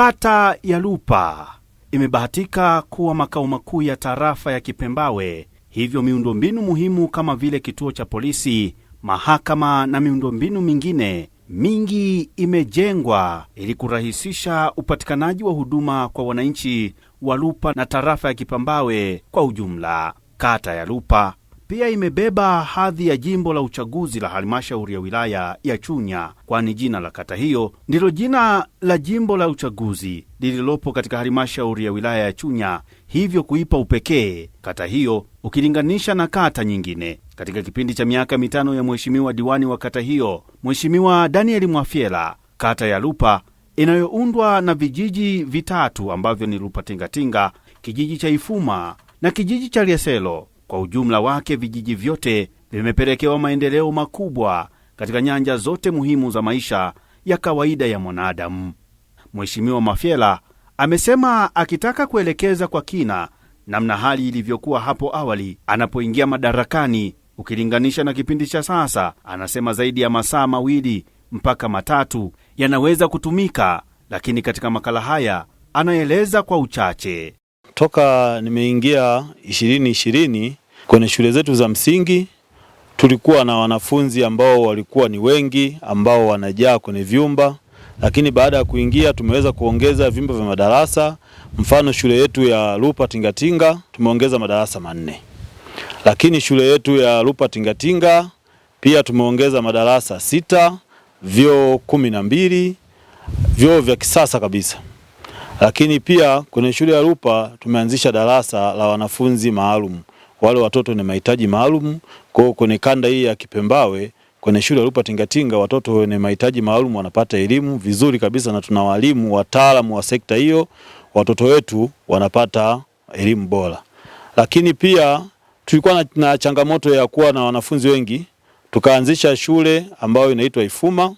Kata ya Lupa imebahatika kuwa makao makuu ya tarafa ya Kipembawe, hivyo miundombinu muhimu kama vile kituo cha polisi, mahakama na miundombinu mingine mingi imejengwa ili kurahisisha upatikanaji wa huduma kwa wananchi wa Lupa na tarafa ya Kipembawe kwa ujumla. Kata ya Lupa pia imebeba hadhi ya jimbo la uchaguzi la halmashauri ya wilaya ya Chunya, kwani jina la kata hiyo ndilo jina la jimbo la uchaguzi lililopo katika halmashauri ya wilaya ya Chunya, hivyo kuipa upekee kata hiyo ukilinganisha na kata nyingine. Katika kipindi cha miaka mitano ya mheshimiwa diwani wa kata hiyo, Mheshimiwa Danieli Mwafyela, kata ya Lupa inayoundwa na vijiji vitatu ambavyo ni tingatinga kijiji cha Ifuma na kijiji cha Lieselo kwa ujumla wake, vijiji vyote vimepelekewa maendeleo makubwa katika nyanja zote muhimu za maisha ya kawaida ya mwanadamu. Mheshimiwa Mafyela amesema akitaka kuelekeza kwa kina namna hali ilivyokuwa hapo awali anapoingia madarakani ukilinganisha na kipindi cha sasa. Anasema zaidi ya masaa mawili mpaka matatu yanaweza kutumika, lakini katika makala haya anaeleza kwa uchache. Toka nimeingia ishirini ishirini Kwenye shule zetu za msingi tulikuwa na wanafunzi ambao walikuwa ni wengi ambao wanajaa kwenye vyumba, lakini baada ya kuingia tumeweza kuongeza vyumba vya madarasa. Mfano shule yetu ya Lupa Tingatinga tumeongeza madarasa manne, lakini shule yetu ya Lupa Tingatinga pia tumeongeza madarasa sita, vyoo kumi na mbili, vyoo vya kisasa kabisa. Lakini pia kwenye shule ya Lupa tumeanzisha darasa la wanafunzi maalum wale watoto wenye mahitaji maalum. Kwa hiyo kwenye kanda hii ya Kipembawe kwenye shule ya Lupa Tingatinga watoto wenye mahitaji maalum wanapata elimu vizuri kabisa, na tuna walimu wataalamu wa sekta hiyo, watoto wetu wanapata elimu bora. Lakini pia tulikuwa na changamoto ya kuwa na wanafunzi wengi, tukaanzisha shule ambayo inaitwa Ifuma.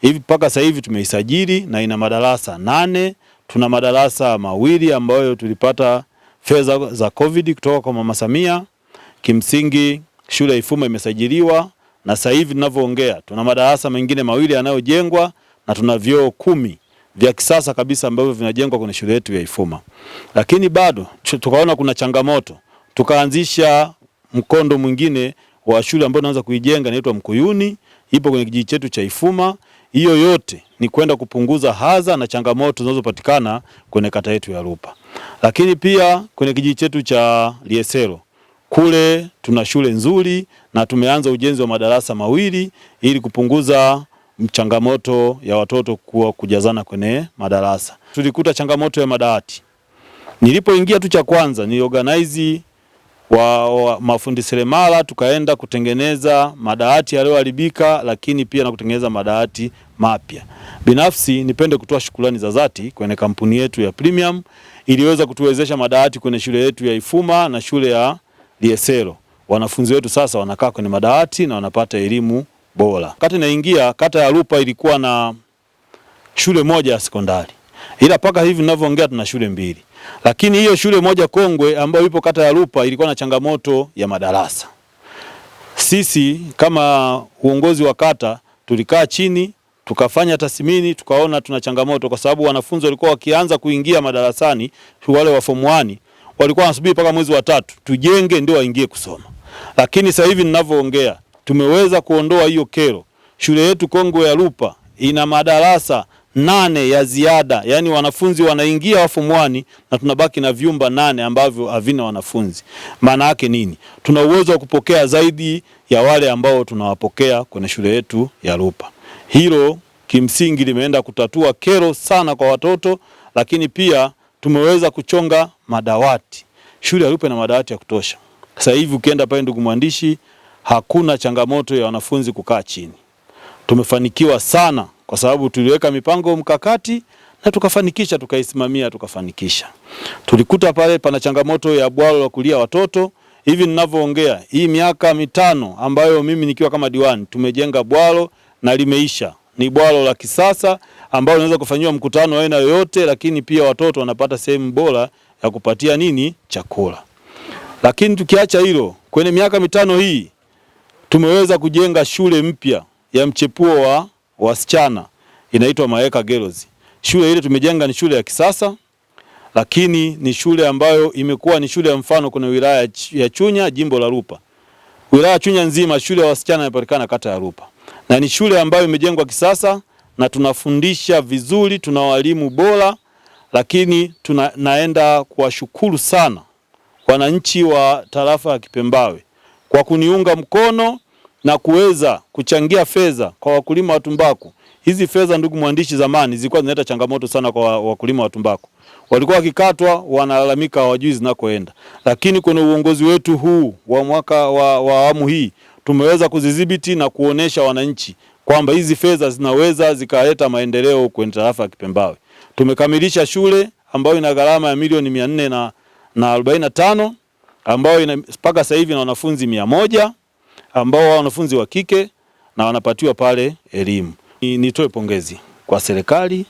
Hivi mpaka sasa hivi tumeisajili na ina madarasa nane. Tuna madarasa mawili ambayo tulipata fedha za COVID kutoka kwa Mama Samia. Kimsingi shule ya Ifuma imesajiliwa na sasa hivi tunavyoongea tuna madarasa mengine mawili yanayojengwa na tuna vyoo kumi vya kisasa kabisa ambavyo vinajengwa kwenye shule yetu ya Ifuma. Lakini bado tukaona kuna changamoto, tukaanzisha mkondo mwingine wa shule ambayo tunaanza kuijenga inaitwa Mkuyuni, ipo kwenye kijiji chetu cha Ifuma. Hiyo yote ni kwenda kupunguza hadha na changamoto zinazopatikana kwenye kata yetu ya Lupa, lakini pia kwenye kijiji chetu cha Lieselo kule tuna shule nzuri na tumeanza ujenzi wa madarasa mawili ili kupunguza changamoto ya watoto kuwa kujazana kwenye madarasa. Tulikuta changamoto ya madawati. Nilipoingia tu cha kwanza ni organize wa, wa mafundi seremala tukaenda kutengeneza madawati yaliyoharibika, lakini pia na kutengeneza madawati mapya. Binafsi nipende kutoa shukrani za dhati kwenye kampuni yetu ya Premium iliweza kutuwezesha madawati kwenye shule yetu ya Ifuma na shule ya Liesero. Wanafunzi wetu sasa wanakaa kwenye madawati na wanapata elimu bora. Kata naingia, kata ya Lupa ilikuwa na shule moja ya sekondari, ila mpaka hivi ninavyoongea tuna shule mbili. Lakini hiyo shule moja kongwe ambayo ipo kata ya Lupa ilikuwa na changamoto ya madarasa. Sisi kama uongozi wa kata tulikaa chini tukafanya tathmini, tukaona tuna changamoto, kwa sababu wanafunzi walikuwa wakianza kuingia madarasani, wale wa form 1 walikuwa wanasubiri mpaka mwezi wa tatu tujenge ndio waingie kusoma. Lakini sasa hivi ninavyoongea, tumeweza kuondoa hiyo kero. Shule yetu kongwe ya Lupa ina madarasa nane ya ziada, yaani wanafunzi wanaingia wafomu mwani na tunabaki na vyumba nane ambavyo havina wanafunzi. Maana yake nini? Tuna uwezo wa kupokea zaidi ya wale ambao tunawapokea kwenye shule yetu ya Lupa. Hilo kimsingi limeenda kutatua kero sana kwa watoto, lakini pia tumeweza kuchonga madawati. Shule ya Lupa ina madawati ya kutosha. Sasa hivi ukienda pale, ndugu mwandishi, hakuna changamoto ya wanafunzi kukaa chini tumefanikiwa sana kwa sababu tuliweka mipango mkakati na tukafanikisha, tukaisimamia, tukafanikisha. Tulikuta pale pana changamoto ya bwalo la kulia watoto. Hivi ninavyoongea, hii miaka mitano ambayo mimi nikiwa kama diwani, tumejenga bwalo na limeisha. Ni bwalo la kisasa ambalo unaweza kufanyiwa mkutano aina yoyote, lakini pia watoto wanapata sehemu bora ya kupatia nini chakula. Lakini tukiacha hilo, kwenye miaka mitano hii tumeweza kujenga shule mpya ya mchepuo wa wasichana inaitwa Maeka Girls. Shule ile tumejenga ni shule ya kisasa, lakini ni shule ambayo imekuwa ni shule ya mfano kuna wilaya ya Chunya, jimbo la Rupa. Wilaya ya Chunya nzima shule ya wasichana inapatikana kata ya Rupa, na ni shule ambayo imejengwa kisasa na tunafundisha vizuri, tuna walimu bora, lakini tunaenda kuwashukuru sana wananchi wa tarafa ya Kipembawe kwa kuniunga mkono na kuweza kuchangia fedha kwa wakulima wa tumbaku. Hizi fedha, ndugu mwandishi, zamani zilikuwa zinaleta changamoto sana kwa wakulima wa tumbaku, walikuwa wakikatwa, wanalalamika hawajui zinakoenda, lakini kwenye uongozi wetu huu wa mwaka wa awamu hii tumeweza kuzidhibiti na kuonesha wananchi kwamba hizi fedha zinaweza zikaleta maendeleo kwenye tarafa ya Kipembawe. Tumekamilisha shule ambayo ina gharama ya milioni mia nne na arobaini na tano ambayo mpaka sasa hivi na wanafunzi mia moja ambao wanafunzi wa kike na wanapatiwa pale elimu. Nitoe pongezi kwa serikali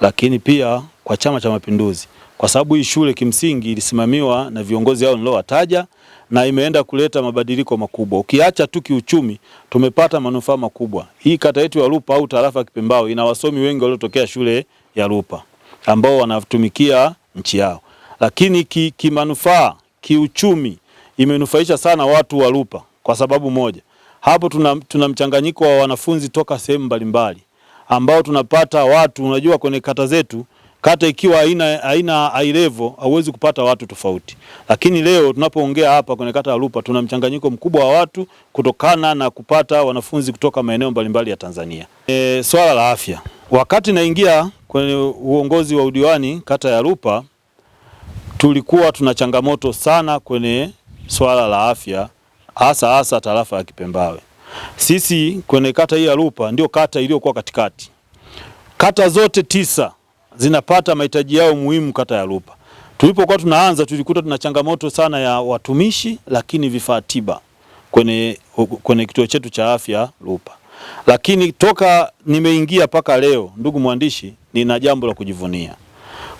lakini pia kwa Chama cha Mapinduzi kwa sababu hii shule kimsingi ilisimamiwa na viongozi hao niliowataja na imeenda kuleta mabadiliko makubwa. Ukiacha tu kiuchumi, tumepata manufaa makubwa. Hii kata yetu ya Lupa au tarafa ya Kipembao ina wasomi wengi waliotokea shule ya Lupa ambao wanatumikia nchi yao, lakini kimanufaa ki kiuchumi imenufaisha sana watu wa Lupa kwa sababu moja, hapo tuna, tuna mchanganyiko wa wanafunzi toka sehemu mbalimbali ambao tunapata watu. Unajua, kwenye kata zetu, kata ikiwa haina haina ailevo hauwezi kupata watu tofauti, lakini leo tunapoongea hapa kwenye kata ya Lupa tuna mchanganyiko mkubwa wa watu kutokana na kupata wanafunzi kutoka maeneo mbalimbali ya Tanzania. E, swala la afya, wakati naingia kwenye uongozi wa udiwani kata ya Lupa tulikuwa tuna changamoto sana kwenye swala la afya hasa hasa tarafa ya Kipembawe. Sisi kwenye kata hii ya Lupa ndio kata iliyokuwa katikati. Kata zote tisa zinapata mahitaji yao muhimu kata ya Lupa. Tulipokuwa tunaanza tulikuta tuna changamoto sana ya watumishi, lakini vifaa tiba kwenye, kwenye kituo chetu cha afya Lupa. Lakini toka nimeingia mpaka leo, ndugu mwandishi, nina jambo la kujivunia.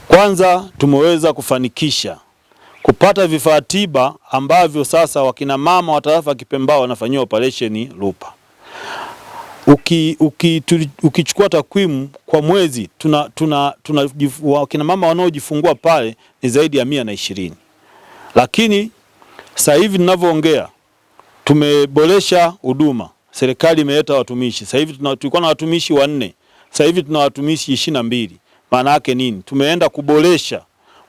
Kwanza tumeweza kufanikisha kupata vifaa tiba ambavyo sasa wakina mama wa tarafa ya Kipembao wanafanyiwa operesheni lupa. Uki, uki, ukichukua takwimu kwa mwezi tuna, tuna, tuna, wakina mama wanaojifungua pale ni zaidi ya mia na ishirini, lakini sasa hivi ninavyoongea tumeboresha huduma. Serikali imeleta watumishi sasa hivi, tulikuwa na watumishi wanne, sasa hivi tuna watumishi ishirini na mbili. Maana yake nini? Tumeenda kuboresha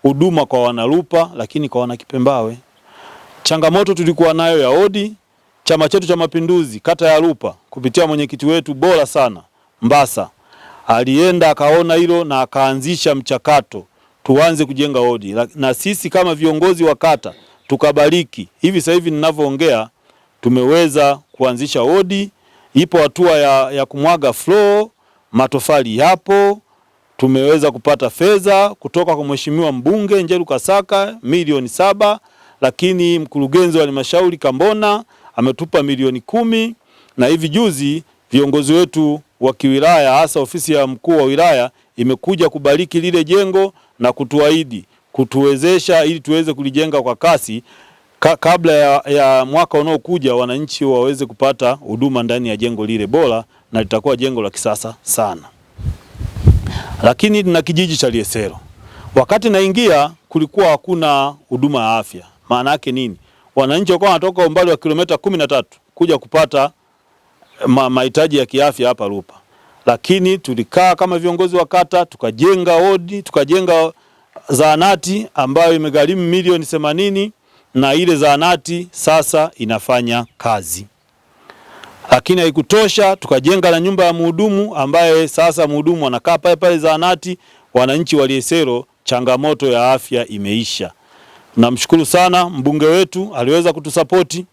huduma kwa wanarupa, lakini kwa wanakipembawe. Changamoto tulikuwa nayo ya odi, chama chetu cha Mapinduzi kata ya Lupa kupitia mwenyekiti wetu bora sana Mbasa alienda akaona hilo na akaanzisha mchakato tuanze kujenga odi, na sisi kama viongozi wa kata tukabariki. Hivi sasa hivi ninavyoongea, tumeweza kuanzisha odi, ipo hatua ya, ya kumwaga floor, matofali yapo tumeweza kupata fedha kutoka kwa Mheshimiwa mbunge Njeru Kasaka milioni saba, lakini mkurugenzi wa halmashauri Kambona ametupa milioni kumi na hivi juzi viongozi wetu wa kiwilaya hasa ofisi ya mkuu wa wilaya imekuja kubariki lile jengo na kutuahidi kutuwezesha ili tuweze kulijenga kwa kasi ka, kabla ya, ya mwaka unaokuja wananchi waweze kupata huduma ndani ya jengo lile bora na litakuwa jengo la kisasa sana lakini na kijiji cha Liesero. Wakati naingia kulikuwa hakuna huduma ya afya. Maana yake nini? Wananchi walikuwa wanatoka umbali wa kilomita kumi na tatu kuja kupata eh, mahitaji ya kiafya hapa Lupa, lakini tulikaa kama viongozi wa kata tukajenga wodi, tukajenga zahanati ambayo imegharimu milioni themanini na ile zahanati sasa inafanya kazi lakini haikutosha, tukajenga na nyumba ya muhudumu ambaye sasa muhudumu anakaa pale pale zahanati. Wananchi wa Liesero changamoto ya afya imeisha. Namshukuru sana mbunge wetu aliweza kutusapoti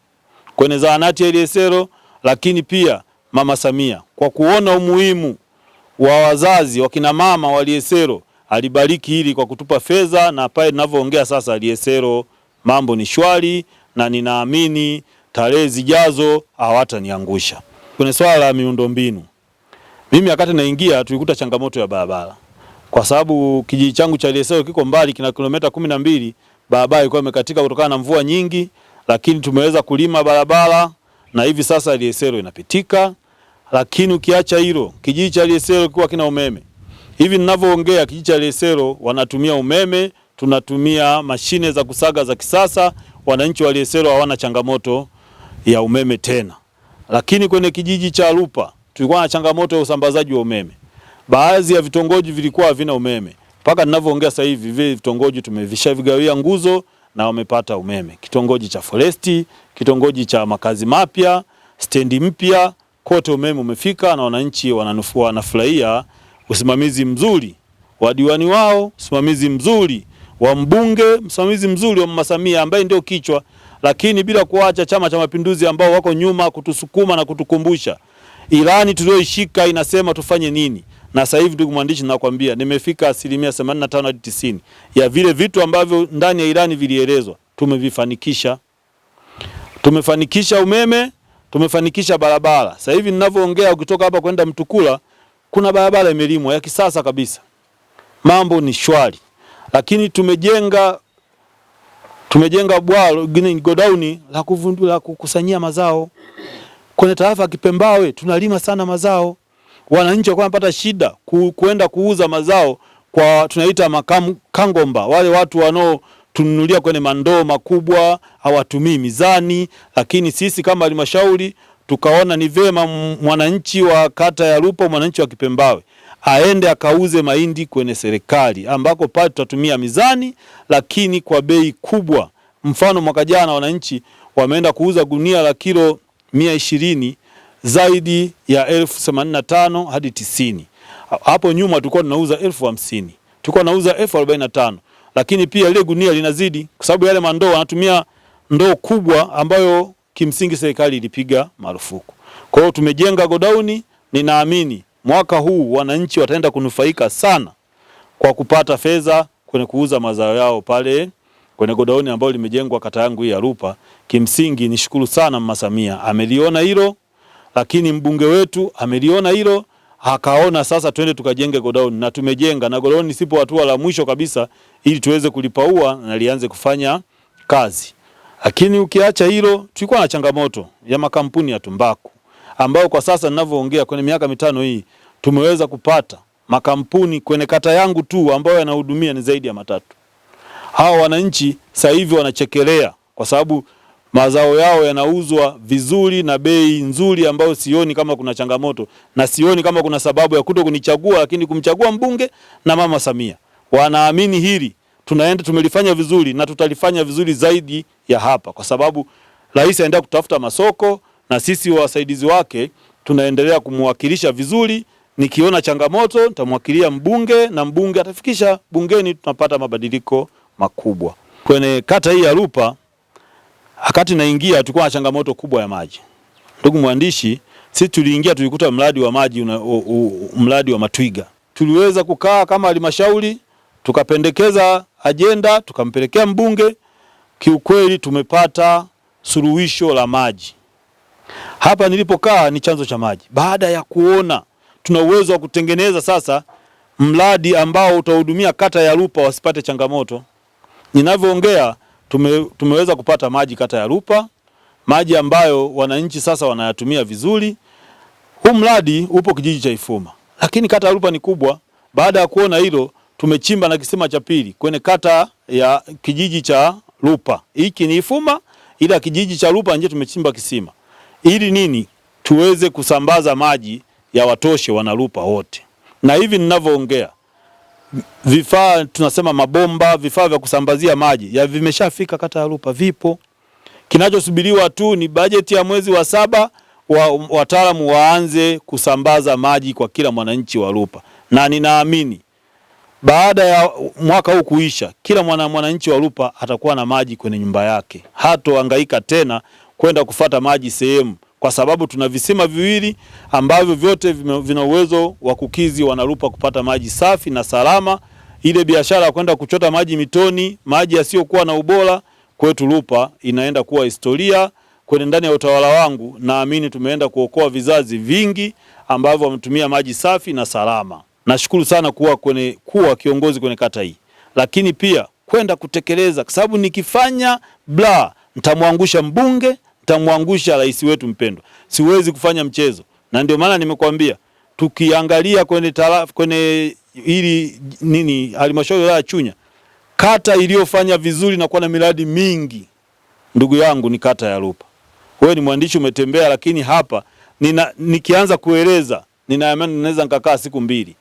kwenye zahanati ya Liesero, lakini pia Mama Samia kwa kuona umuhimu wa wazazi wakina mama wa Liesero alibariki hili kwa kutupa fedha, na pale ninavyoongea sasa Liesero mambo ni shwari na ninaamini tarehe zijazo hawataniangusha. Kwenye swala la miundombinu, mimi wakati naingia tulikuta changamoto ya barabara, kwa sababu kijiji changu cha Liesero kiko mbali, kina kilomita kumi na mbili. Barabara ilikuwa imekatika kutokana na mvua nyingi, lakini tumeweza kulima barabara na hivi sasa Liesero inapitika. Lakini ukiacha hilo, kijiji cha Liesero kilikuwa kina umeme. Hivi ninavyoongea, kijiji cha Liesero wanatumia umeme, tunatumia mashine za kusaga za kisasa. Wananchi wa Liesero hawana changamoto ya umeme tena. Lakini kwenye kijiji cha Lupa tulikuwa na changamoto ya usambazaji wa umeme. Baadhi ya vitongoji vilikuwa havina umeme. Mpaka ninavyoongea sasa hivi vile vitongoji tumevishavigawia nguzo na wamepata umeme. Kitongoji cha Foresti, kitongoji cha makazi mapya, stendi mpya, kote umeme umefika na wananchi wananufua, wanafurahia usimamizi mzuri wa diwani wao, usimamizi mzuri wa mbunge, msimamizi mzuri wa Mama Samia ambaye ndio kichwa lakini bila kuacha Chama cha Mapinduzi ambao wako nyuma kutusukuma na kutukumbusha ilani tuliyoishika inasema tufanye nini. Na sasa hivi ndugu mwandishi, nakwambia nimefika asilimia 85 hadi 90 ya vile vitu ambavyo ndani ya ilani vilielezwa tumevifanikisha. Tumefanikisha umeme, tumefanikisha barabara. Sasa hivi ninavyoongea, ukitoka hapa kwenda Mtukula kuna barabara imelimwa ya kisasa kabisa, mambo ni shwari, lakini tumejenga Tumejenga bwalo godauni la kuvundula kukusanyia mazao. Kwenye tarafa Kipembawe tunalima sana mazao. Wananchi walikuwa wanapata shida ku, kuenda kuuza mazao kwa tunaita makamu kangomba, wale watu wanaotununulia kwenye mandoo makubwa, hawatumii mizani. Lakini sisi kama halmashauri tukaona ni vema mwananchi wa kata ya rupo mwananchi wa Kipembawe aende akauze mahindi kwenye serikali ambako pale tutatumia mizani, lakini kwa bei kubwa. Mfano mwaka jana wananchi wameenda kuuza gunia la kilo mia ishirini zaidi ya elfu themanini na tano hadi tisini. Hapo nyuma tulikuwa tunauza elfu hamsini tulikuwa tunauza elfu arobaini na tano lakini pia ile gunia linazidi, kwa sababu yale mandoo wanatumia ndoo kubwa ambayo kimsingi serikali ilipiga marufuku. Kwa hiyo tumejenga godauni, ninaamini mwaka huu wananchi wataenda kunufaika sana kwa kupata fedha kwenye kuuza mazao yao pale kwenye godauni ambayo limejengwa kata yangu ya Rupa. Kimsingi nishukuru sana Mama Samia ameliona hilo, lakini mbunge wetu ameliona hilo akaona sasa twende tukajenge godauni na tumejenga, na godauni sipo hatua la mwisho kabisa, ili tuweze kulipaua na lianze kufanya kazi. Lakini ukiacha hilo, tulikuwa na changamoto ya makampuni ya tumbaku ambao kwa sasa ninavyoongea kwenye miaka mitano hii tumeweza kupata makampuni kwenye kata yangu tu ambayo yanahudumia ni zaidi ya matatu. Hawa wananchi sasa hivi wanachekelea kwa sababu mazao yao yanauzwa vizuri na bei nzuri, ambayo sioni kama kuna changamoto na sioni kama kuna sababu ya kuto kunichagua, lakini kumchagua mbunge na mama Samia. Wanaamini hili tunaenda tumelifanya vizuri na tutalifanya vizuri zaidi ya hapa, kwa sababu rais aenda kutafuta masoko na sisi wasaidizi wake tunaendelea kumwakilisha vizuri. Nikiona changamoto nitamwakilia mbunge na mbunge atafikisha bungeni, tunapata mabadiliko makubwa kwenye kata hii ya Lupa. Wakati naingia tulikuwa na changamoto kubwa ya maji. Ndugu mwandishi, sisi tuliingia tulikuta mradi wa maji una, u, u, mradi wa Matwiga. Tuliweza kukaa kama halmashauri tukapendekeza ajenda tukampelekea mbunge. Kiukweli tumepata suluhisho la maji. Hapa nilipokaa ni chanzo cha maji. Baada ya kuona tuna uwezo wa kutengeneza sasa mradi ambao utahudumia kata ya Lupa wasipate changamoto. Ninavyoongea tume, tumeweza kupata maji kata ya Lupa, maji ambayo wananchi sasa wanayatumia vizuri. Huu mradi upo kijiji cha Ifuma, lakini kata ya Lupa ni kubwa. Baada ya kuona hilo, tumechimba na kisima cha pili kwenye kata ya kijiji cha Lupa. Hiki ni Ifuma, ila kijiji cha Lupa nje tumechimba kisima ili nini tuweze kusambaza maji ya watoshe wanarupa wote. Na hivi ninavyoongea, vifaa tunasema mabomba, vifaa vya kusambazia maji ya vimeshafika kata ya Rupa, vipo. Kinachosubiriwa tu ni bajeti ya mwezi wa saba wa wataalamu waanze kusambaza maji kwa kila mwananchi wa Rupa, na ninaamini baada ya mwaka huu kuisha, kila mwananchi wa Rupa atakuwa na maji kwenye nyumba yake, hatohangaika tena kwenda kufata maji sehemu, kwa sababu tuna visima viwili ambavyo vyote vina uwezo wa kukizi wanarupa kupata maji safi na salama. Ile biashara ya kwenda kuchota maji mitoni, maji yasiyokuwa na ubora kwetu Lupa inaenda kuwa historia kwenye ndani ya utawala wangu. Naamini tumeenda kuokoa vizazi vingi ambavyo wametumia maji safi na salama. Nashukuru sana kuwa, kwenye, kuwa kiongozi kwenye kata hii, lakini pia kwenda kutekeleza, kwa sababu nikifanya bla, mtamwangusha mbunge tamwangusha rais wetu mpendwa. Siwezi kufanya mchezo, na ndio maana nimekwambia tukiangalia kwenye tarafa, kwenye hili nini halmashauri ya Chunya, kata iliyofanya vizuri na kuwa na miradi mingi ndugu yangu ni kata ya Lupa. Wewe ni mwandishi umetembea, lakini hapa nina, nikianza kueleza ninaamini naweza nikakaa siku mbili.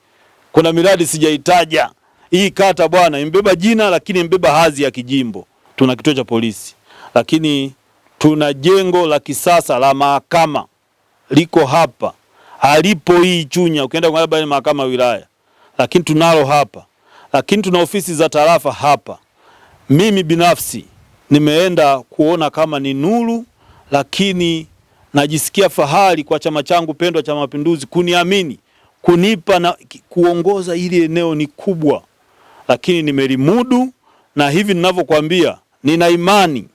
Kuna miradi sijaitaja. Hii kata bwana imbeba jina, lakini imbeba hadhi ya kijimbo. Tuna kituo cha polisi, lakini tuna jengo la kisasa la mahakama liko hapa, alipo hii Chunya, ukienda kwa labda mahakama wilaya, lakini tunalo hapa, lakini tuna ofisi za tarafa hapa. Mimi binafsi nimeenda kuona kama ni nuru, lakini najisikia fahari kwa chama changu pendwa cha Mapinduzi kuniamini kunipa na kuongoza. Ili eneo ni kubwa, lakini nimelimudu, na hivi ninavyokuambia, nina imani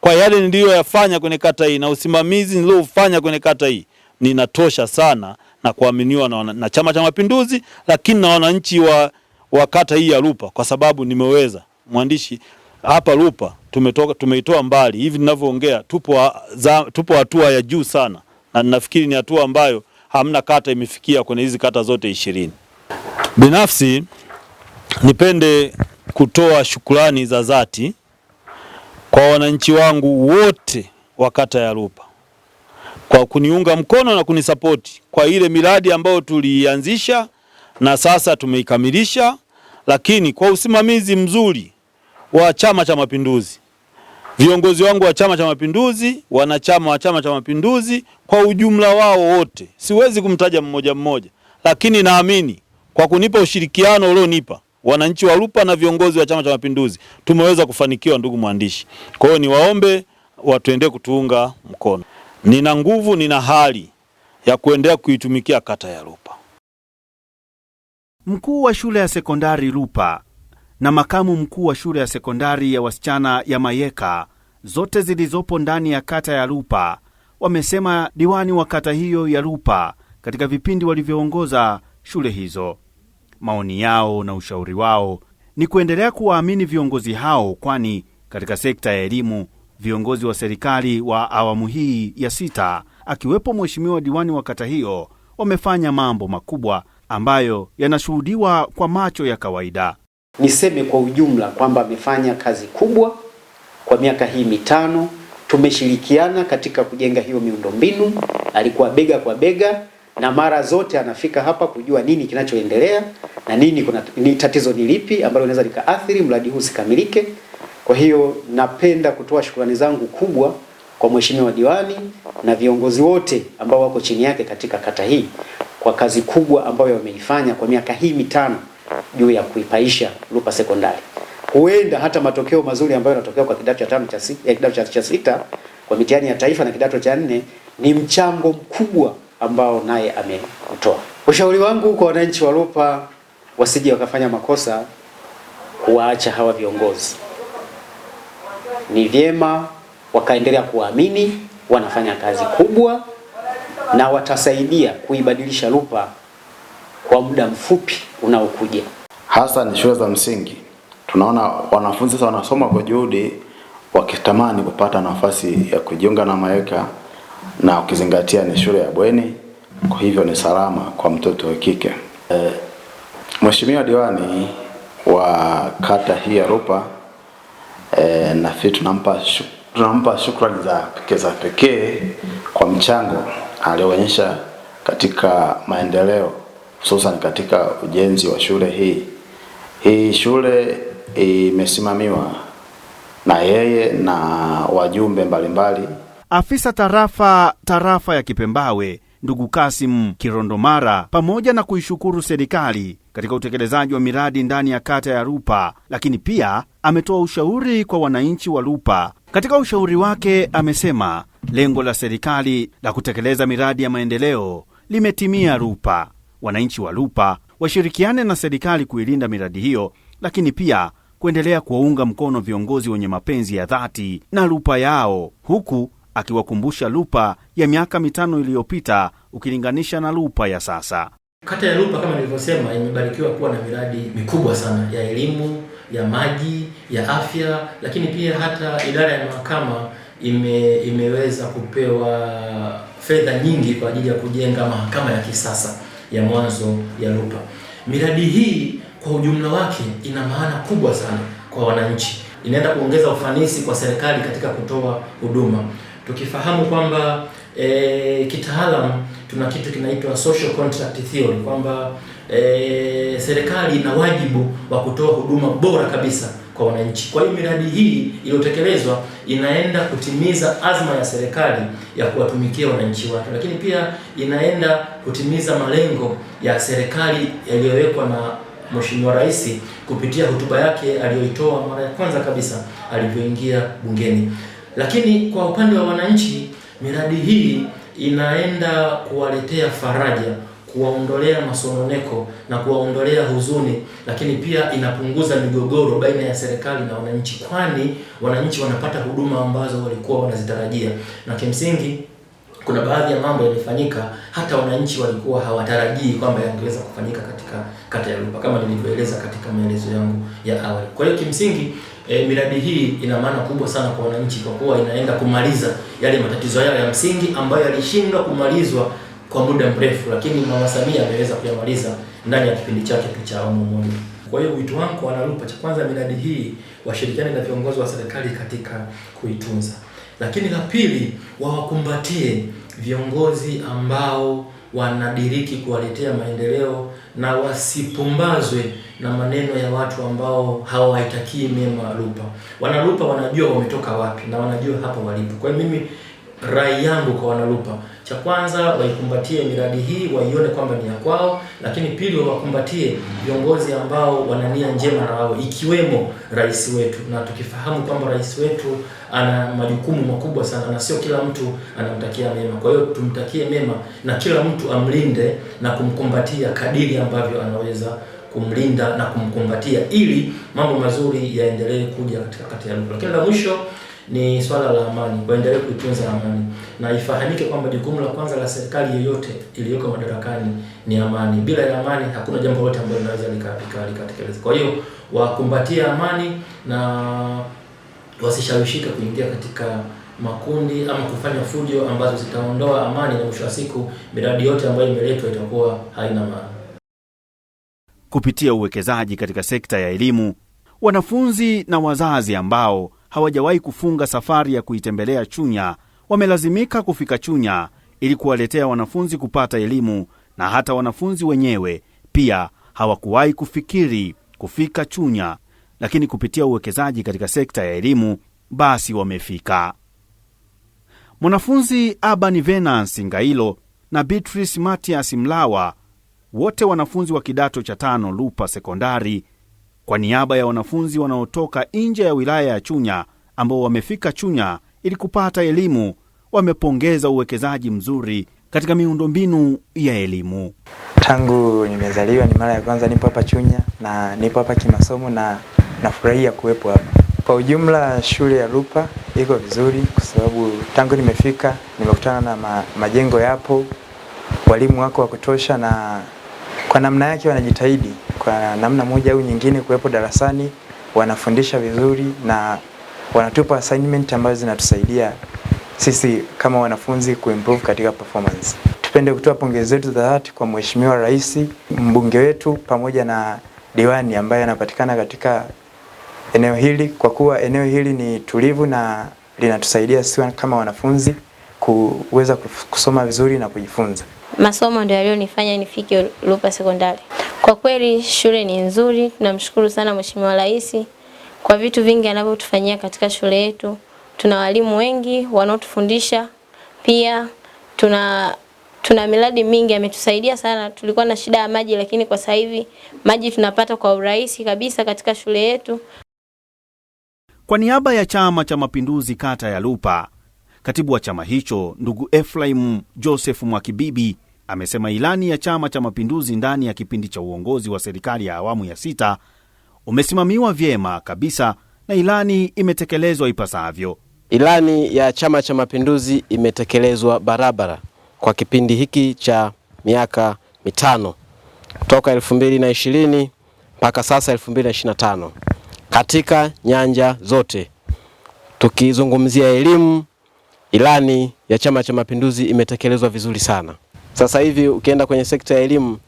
kwa yale niliyoyafanya kwenye kata hii na usimamizi niliofanya kwenye kata hii ninatosha sana na kuaminiwa na, na Chama cha Mapinduzi, lakini na wananchi wa, wa kata hii ya Lupa, kwa sababu nimeweza mwandishi hapa Lupa tumetoka tumeitoa mbali. Hivi ninavyoongea tupo, tupo hatua ya juu sana, na ninafikiri ni hatua ambayo hamna kata imefikia kwenye hizi kata zote ishirini. Binafsi nipende kutoa shukrani za dhati kwa wananchi wangu wote wa kata ya Lupa kwa kuniunga mkono na kunisapoti kwa ile miradi ambayo tuliianzisha na sasa tumeikamilisha, lakini kwa usimamizi mzuri wa Chama cha Mapinduzi, viongozi wangu wa Chama cha Mapinduzi, wanachama wa Chama cha Mapinduzi kwa ujumla wao wote, siwezi kumtaja mmoja mmoja, lakini naamini kwa kunipa ushirikiano ulionipa wananchi wa Lupa na viongozi wa Chama cha Mapinduzi tumeweza kufanikiwa, ndugu mwandishi. Kwa hiyo niwaombe watuendee kutuunga mkono. Nina nguvu, nina hali ya kuendelea kuitumikia kata ya Lupa. Mkuu wa shule ya sekondari Lupa na makamu mkuu wa shule ya sekondari ya wasichana ya Mayeka zote zilizopo ndani ya kata ya Lupa wamesema diwani wa kata hiyo ya Lupa katika vipindi walivyoongoza shule hizo maoni yao na ushauri wao ni kuendelea kuwaamini viongozi hao, kwani katika sekta ya elimu viongozi wa serikali wa awamu hii ya sita akiwepo mheshimiwa diwani wa kata hiyo wamefanya mambo makubwa ambayo yanashuhudiwa kwa macho ya kawaida. Niseme kwa ujumla kwamba amefanya kazi kubwa kwa miaka hii mitano. Tumeshirikiana katika kujenga hiyo miundombinu, alikuwa bega kwa bega na mara zote anafika hapa kujua nini kinachoendelea na nini kuna ni tatizo ni lipi ambalo linaweza likaathiri mradi huu usikamilike. Kwa hiyo napenda kutoa shukrani zangu kubwa kwa mheshimiwa diwani na viongozi wote ambao wako chini yake katika kata hii kwa kazi kubwa ambayo wameifanya kwa miaka hii mitano juu ya kuipaisha Lupa Sekondari. Huenda hata matokeo mazuri ambayo yanatokea kwa kidato cha tano cha sita, eh, kidato cha sita kwa mitihani ya taifa na kidato cha nne ni mchango mkubwa ambao naye ameutoa. Ushauri wangu kwa wananchi wa Lupa wasije wakafanya makosa kuwaacha hawa viongozi, ni vyema wakaendelea kuwaamini, wanafanya kazi kubwa na watasaidia kuibadilisha Lupa kwa muda mfupi unaokuja. Hasa ni shule za msingi, tunaona wanafunzi sasa wanasoma kwa juhudi, wakitamani kupata nafasi ya kujiunga na maweka na ukizingatia ni shule ya bweni, kwa hivyo ni salama kwa mtoto wa kike. E, Mheshimiwa diwani wa kata hii ya Rupa e, nafikiri tunampa shuk, tunampa shukrani za pekee za pekee kwa mchango aliyoonyesha katika maendeleo hususan katika ujenzi wa shule hii. Hii shule imesimamiwa na yeye na wajumbe mbalimbali mbali Afisa tarafa tarafa ya Kipembawe ndugu Kasim Kirondomara, pamoja na kuishukuru serikali katika utekelezaji wa miradi ndani ya kata ya Lupa, lakini pia ametoa ushauri kwa wananchi wa Lupa. Katika ushauri wake amesema lengo la serikali la kutekeleza miradi ya maendeleo limetimia Lupa. Wananchi wa Lupa washirikiane na serikali kuilinda miradi hiyo, lakini pia kuendelea kuwaunga mkono viongozi wenye mapenzi ya dhati na Lupa yao huku akiwakumbusha Lupa ya miaka mitano iliyopita ukilinganisha na Lupa ya sasa. Kata ya Lupa kama nilivyosema, imebarikiwa kuwa na miradi mikubwa sana ya elimu, ya maji, ya afya, lakini pia hata idara ya mahakama ime, imeweza kupewa fedha nyingi kwa ajili ya kujenga mahakama ya kisasa ya mwanzo ya Lupa. Miradi hii kwa ujumla wake ina maana kubwa sana kwa wananchi, inaenda kuongeza ufanisi kwa serikali katika kutoa huduma tukifahamu kwamba e, kitaalam tuna kitu kinaitwa social contract theory kwamba e, serikali ina wajibu wa kutoa huduma bora kabisa kwa wananchi. Kwa hiyo miradi hii iliyotekelezwa inaenda kutimiza azma ya serikali ya kuwatumikia wananchi wake, lakini pia inaenda kutimiza malengo ya serikali yaliyowekwa na Mheshimiwa Rais kupitia hotuba yake aliyoitoa mara ya kwanza kabisa alivyoingia bungeni. Lakini kwa upande wa wananchi, miradi hii inaenda kuwaletea faraja, kuwaondolea masononeko na kuwaondolea huzuni, lakini pia inapunguza migogoro baina ya serikali na wananchi, kwani wananchi wanapata huduma ambazo walikuwa wanazitarajia na kimsingi kuna baadhi ya mambo yalifanyika hata wananchi walikuwa hawatarajii kwamba yangeweza kufanyika katika kata ya Lupa kama nilivyoeleza katika maelezo yangu ya awali. Kwa hiyo kimsingi e, miradi hii ina maana kubwa sana kwa wananchi, kwa kuwa inaenda kumaliza yale matatizo yao ya msingi ambayo yalishindwa kumalizwa kwa muda mrefu, lakini Mama Samia ameweza kuyamaliza ndani ya kipindi chake cha awamu moja. Kwa hiyo wito wangu kwa cha kwanza, miradi hii washirikiane na viongozi wa serikali katika kuitunza, lakini la pili, wawakumbatie viongozi ambao wanadiriki kuwaletea maendeleo na wasipumbazwe na maneno ya watu ambao hawaitakii mema Lupa. Wanalupa wanajua wametoka wapi na wanajua hapa walipo. Kwa hiyo mimi rai yangu kwa Wanalupa cha kwanza waikumbatie miradi hii, waione kwamba ni ya kwao, lakini pili wawakumbatie viongozi ambao wana nia njema na wao, ikiwemo rais wetu, na tukifahamu kwamba rais wetu ana majukumu makubwa sana na sio kila mtu anamtakia mema. Kwa hiyo tumtakie mema na kila mtu amlinde na kumkumbatia kadiri ambavyo anaweza kumlinda na kumkumbatia, ili mambo mazuri yaendelee kuja katika kati ya Ludewa. Lakini la mwisho ni swala la amani, waendelee kuitunza amani, na ifahamike kwamba jukumu la kwanza la serikali yoyote iliyoko madarakani ni amani. Bila ya amani hakuna jambo lolote ambalo linaweza likatekeleza Kwa hiyo wakumbatie amani na wasishawishike kuingia katika makundi ama kufanya fujo ambazo zitaondoa amani, na mwisho wa siku miradi yote ambayo imeletwa itakuwa haina maana. Kupitia uwekezaji katika sekta ya elimu, wanafunzi na wazazi ambao hawajawahi kufunga safari ya kuitembelea Chunya, wamelazimika kufika Chunya ili kuwaletea wanafunzi kupata elimu, na hata wanafunzi wenyewe pia hawakuwahi kufikiri kufika Chunya, lakini kupitia uwekezaji katika sekta ya elimu basi wamefika. Mwanafunzi Aban Venance Ngailo na Beatrice Matias Mlawa, wote wanafunzi wa kidato cha tano Lupa Sekondari, kwa niaba ya wanafunzi wanaotoka nje ya wilaya ya Chunya ambao wamefika Chunya ili kupata elimu, wamepongeza uwekezaji mzuri katika miundombinu ya elimu. Tangu nimezaliwa ni mara ya kwanza nipo hapa Chunya na nipo hapa kimasomo na nafurahia kuwepo hapa. Kwa ujumla, shule ya rupa iko vizuri, kwa sababu tangu nimefika nimekutana na ma, majengo yapo, walimu wako wa kutosha na kwa namna yake wanajitahidi kwa namna moja au nyingine kuwepo darasani, wanafundisha vizuri na wanatupa assignment ambazo zinatusaidia sisi kama wanafunzi kuimprove katika performance. Tupende kutoa pongezi zetu za dhati kwa Mheshimiwa Rais, mbunge wetu pamoja na diwani ambaye anapatikana katika eneo hili, kwa kuwa eneo hili ni tulivu na linatusaidia sisi kama wanafunzi kuweza kusoma vizuri na kujifunza. Masomo ndio yaliyonifanya nifike Lupa Sekondari. Kwa kweli shule ni nzuri, tunamshukuru sana Mheshimiwa Rais kwa vitu vingi anavyotufanyia katika shule yetu. Tuna walimu wengi wanaotufundisha, pia tuna tuna miradi mingi, ametusaidia sana. Tulikuwa na shida ya maji, lakini kwa sasa hivi maji tunapata kwa urahisi kabisa katika shule yetu. Kwa niaba ya Chama cha Mapinduzi kata ya Lupa Katibu wa chama hicho ndugu Efraim Joseph Mwakibibi amesema ilani ya Chama cha Mapinduzi ndani ya kipindi cha uongozi wa serikali ya awamu ya sita umesimamiwa vyema kabisa na ilani imetekelezwa ipasavyo. Ilani ya Chama cha Mapinduzi imetekelezwa barabara kwa kipindi hiki cha miaka mitano toka 2020 mpaka sasa 2025, katika nyanja zote, tukizungumzia elimu, ilani ya Chama cha Mapinduzi imetekelezwa vizuri sana. Sasa hivi ukienda kwenye sekta ya elimu,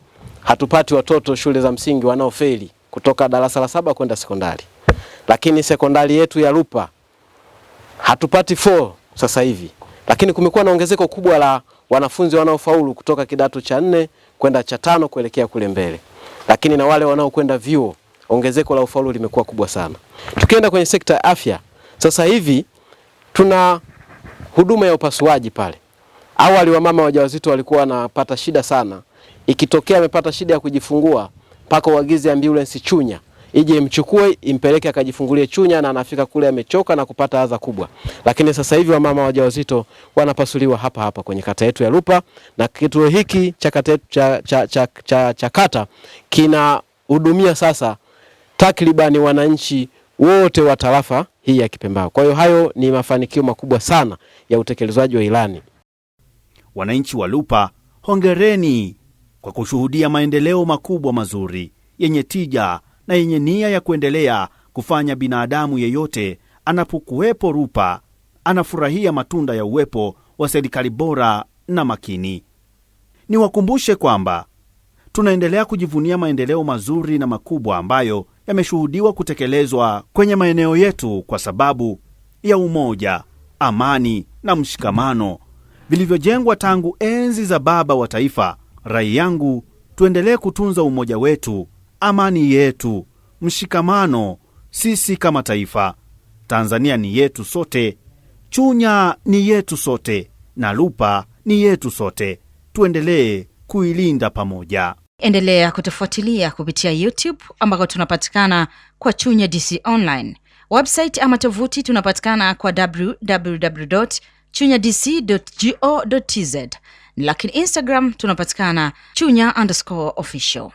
hatupati watoto shule za msingi wanaofeli kutoka darasa la saba kwenda sekondari, lakini sekondari yetu ya Lupa hatupati 4 sasa hivi, lakini kumekuwa na ongezeko kubwa la wanafunzi wanaofaulu kutoka kidato cha nne kwenda cha tano kuelekea kule mbele, lakini na wale wanaokwenda vyuo ongezeko la ufaulu limekuwa kubwa sana. Tukienda kwenye sekta ya afya sasa hivi tuna huduma ya upasuaji pale. Awali wamama wajawazito walikuwa wanapata shida sana, ikitokea amepata shida ya kujifungua mpaka uagize ambulance Chunya ije imchukue impeleke akajifungulie Chunya, na anafika kule amechoka na kupata adha kubwa. Lakini sasa hivi wamama wajawazito wanapasuliwa hapa hapa kwenye kata yetu ya Lupa, na kituo hiki cha kata, cha, cha, cha, cha, cha kata kinahudumia sasa takribani wananchi wote wa tarafa hii ya Kipembawe. Kwa hiyo hayo ni mafanikio makubwa sana ya utekelezaji wa ilani. Wananchi wa Lupa, hongereni kwa kushuhudia maendeleo makubwa mazuri yenye tija na yenye nia ya kuendelea kufanya binadamu yeyote anapokuwepo Lupa anafurahia matunda ya uwepo wa serikali bora na makini. Niwakumbushe kwamba tunaendelea kujivunia maendeleo mazuri na makubwa ambayo yameshuhudiwa kutekelezwa kwenye maeneo yetu kwa sababu ya umoja, amani na mshikamano vilivyojengwa tangu enzi za baba wa taifa. Rai yangu tuendelee kutunza umoja wetu, amani yetu, mshikamano. Sisi kama taifa, Tanzania ni yetu sote, Chunya ni yetu sote na Lupa ni yetu sote. Tuendelee kuilinda pamoja. Endelea kutufuatilia kupitia YouTube ambako tunapatikana kwa Chunya DC Online, website ama tovuti tunapatikana kwa www chunya dc go tz, lakini Instagram tunapatikana chunya underscore official.